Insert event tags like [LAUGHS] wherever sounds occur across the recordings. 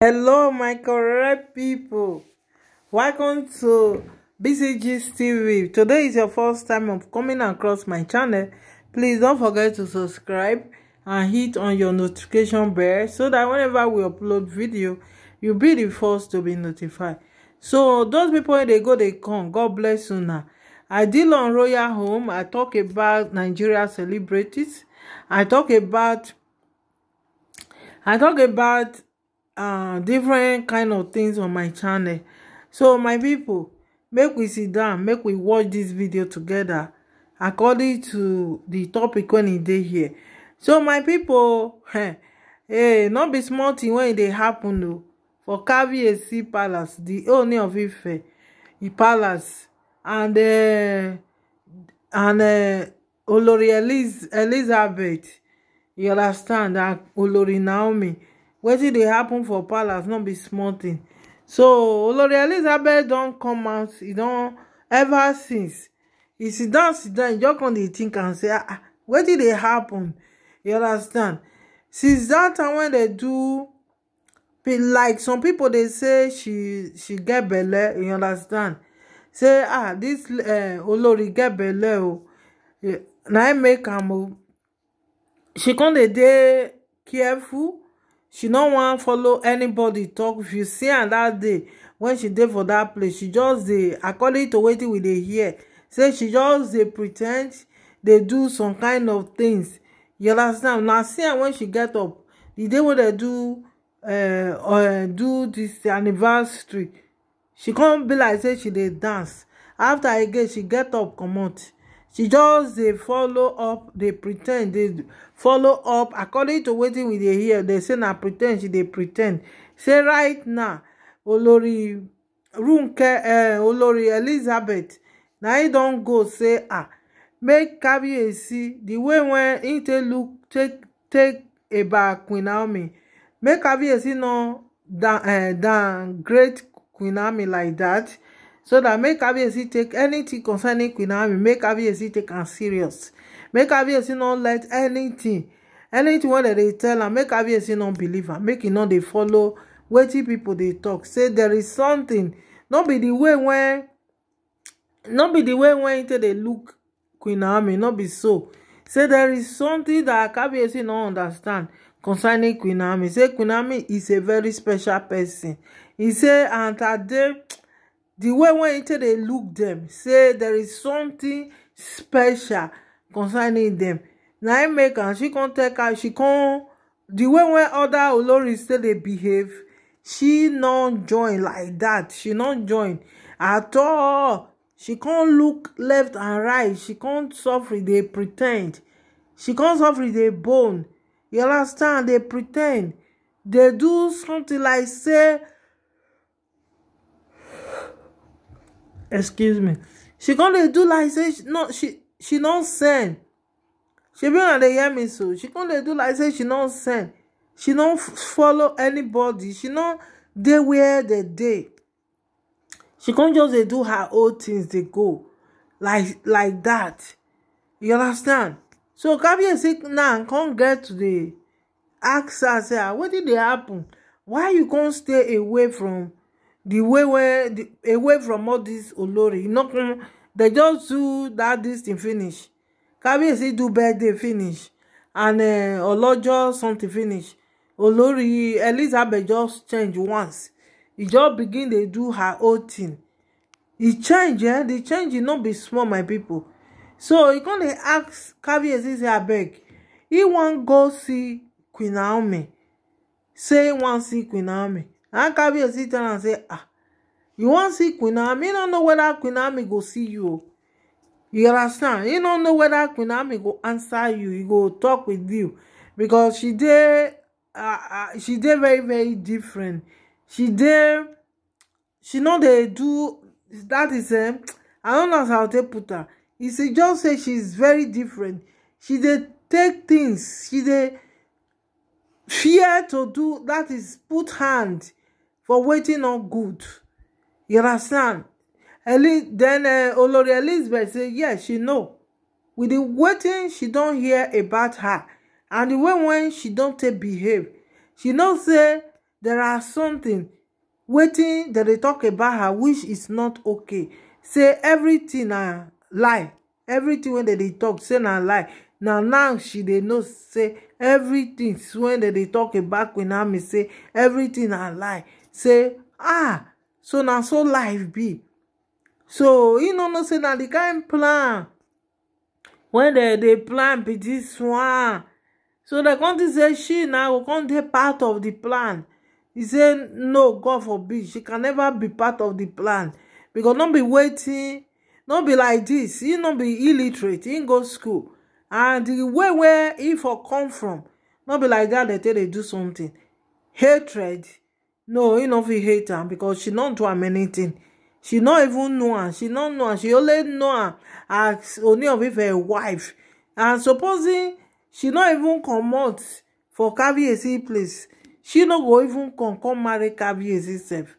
Hello, my correct people. Welcome to BCG's TV. Today is your first time of coming across my channel. Please don't forget to subscribe and hit on your notification bell so that whenever we upload video, you'll be the first to be notified. So those people, they go, they come. God bless you now. I deal on Royal Home. I talk about Nigeria celebrities. I talk about I talk about uh, different kind of things on my channel so my people, make we sit down make we watch this video together, according to the topic when e dey here so my people, hey [LAUGHS] eh, eh, not be small thing when they dey happen o oh, for caviarcy palace the only of ife palace and uh, and uh, olori elizabeth you understand and olori naomi wetin dey happen for palace no be small tin so olori elizabeth don come out e don ever since e sit down sit down e just come dey think am say ah, ah wetin dey happen you understand since that time when dem do like some people dey say she she get belle you understand say ah dis eh, olori get belle o na im make am o she come dey dey careful she no want follow anybody talk. if you see am that day when she dey for that place she just dey according to wetin we dey hear say she just dey pretend dey do some kind of things you understand na see am wen she get up the day wey dem do uh, uh do this anniversary she come be like say she dey dance after again she get up comot she just dey follow up dey pretend dey follow up according to wetin we dey hear dey say na pretend she dey pretend say right now olori runke eh, olori elizabeth na im don go say ah make kabiyesi the way wen he take look take take about queen naomi make kabiyesi no uh downgrade queen naomi like that so that make kabiyesi take anything concerning Queen Naomi make kabiyesi take am serious make kabiyesi not let anything anything wey they tell am make kabiyesi no believe am make e not they follow wetin people they talk say there is something Not be the way when. Not be the way when they look Queen Naomi no be so say there is something that kabiyesi no understand concerning Queen Naomi say Queen Naomi is a very special person He say and her dey the way wey take dey look them, say there is something special concerning them. Now, im make her. she can't take her. she can't. the way when other oloris take dey behave she not join like that. she not join at all she can't look left and right she can't suffer They pretend she can't suffer They bone you understand They pretend They do something like say excuse me she gonna do like say she she don't send she be on the hear me so she gonna do like say she don't send she don't follow anybody she don't they wear the day. she can't just do her old things They go like like that. you understand so sick now come get to the ask her say ah, did they happen why you can't stay away from the way wey the away from all this olori e no come just do that this thing finish kabiyesi do birthday finish and uh, eh, olojo something finish olori elizabeth just change once e just begin dey do her old thing e change eh the change e no be small my people so e come dey ask kabiyesi say abeg e wan go see queen naomi say e wan see queen naomi and sit down and say ah you to see queen don't know whether queen naomi go see you you understand you not know whether queen naomi go answer you he go talk with you because she did. uh, ah, uh, ah, she did very very different she did. she know they do that is um, i don't know how to put her You see, just say she's very different she did take things she did fear to do that is put hand for waiting on good you understand Eli then uh, Olori Elizabeth say yes she know with the wetin she don hear about her and the way when she don take behave she know say there are something wetin dem dey talk about her which is not okay say everything na lie everything wey dem dey talk say na lie na now she dey know say everything wey dem dey talk about Queen Naomi say everything na lie say ah so na so life be so e no know say na di kain plan wey dem dey plan be this one so dem come think say she na go come dey part of the plan e say no god forbid she can never be part of the plan because no be wetin no be like this. e no be illiterate e go school and the way where he for come from no be like that. dem take dey do something hatred no e no he hate her because she no do am anytin she not even know am she no know am she only know am as only of her wife and supposing she not even come out for caviarcy place she not go even come come marry caviarcy sef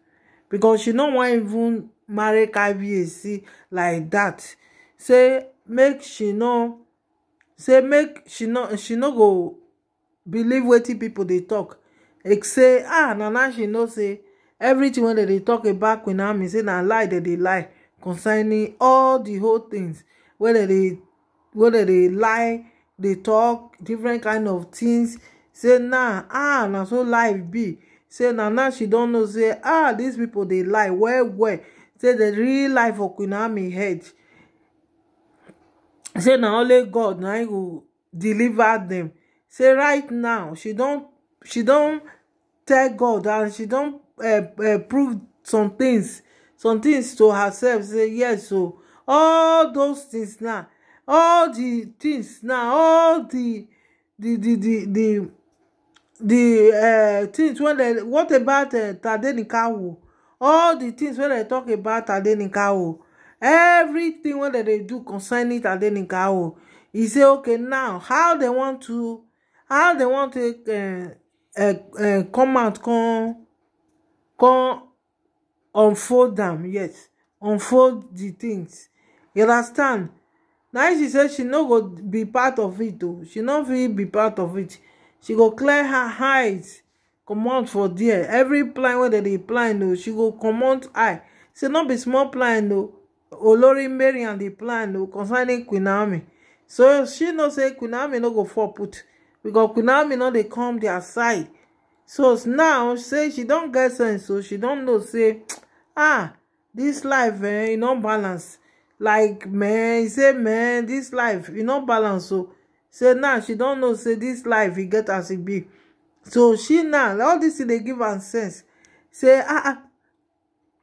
because she no want even marry caviarcy like that. say make she no say make she no go believe wetin people they talk say ah nana she know say everything wey dem dey tok about queen army say na lie dem dey lie concerning all the whole tins wey dem dey lie dey talk different kind of things. say na ah na so life be say nana she don know say ah these people dey lie well well say the real life for queen army head say na only god na go deliver them. say right now she don she don tell god and she don eh, eh, prove some things some things to herself say yes o all those things now all the things now all the the the the the the uh, things wey dem what about uh, tadenikawo all the things wey dem talk about tadenikawo everything wey dem dey do concerning tadenikawo e say okay now how dem want to how dem want to uh, Eh, eh, come out con come unfold am yes unfold di things you understand na she say she no go be part of it o she no fit be part of it she go clear her eyes comot for there every plan wey dem dey plan o she go comot eye say no be small plan o olori Mary and dey plan o concerning queen naomi so she know say queen naomi no go fall put because Kunami no dey come their side so now say she don get sense so she don know say [TSK] ah this life eh e no balance like man e say man this life e no balance so say now she don know say this life e get as e be so she now all this thing dey give am sense say ah ah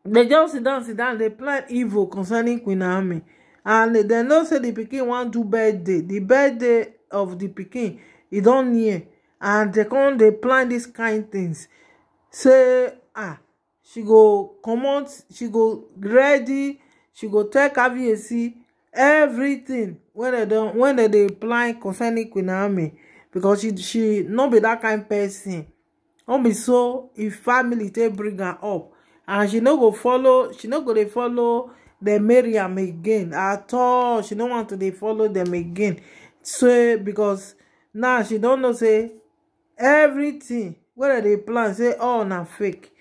dem just sit down sit dey plan evil concerning Kunami and dem know say the pikin wan do birthday di birthday of the pikin e don near and dem come dey plan dis kind things say ah she go comot she go ready she go tell caviarcy everything wen dem dey plan concerning queen naomi because she she no be dat kain person no be so if family take bring her up and she no go follow she no go dey follow dem marry am again at all she no want to dey follow dem again so because now she don't know say everything wey dem dey plan say all oh, na fake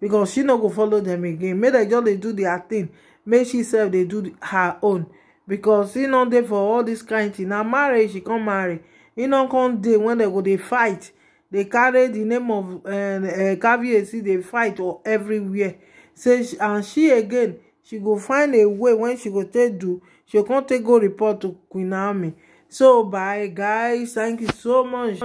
because she no go follow them again make dem just they do their thing make she sef they do her own because she not there for all this kind thing Now marriage she can't marry e no come dey when they go they fight They carry the name of uh uh See they fight or everywhere say and she again she go find a way when she go take do she can't take go report to queen naomi so bye guys thank you so much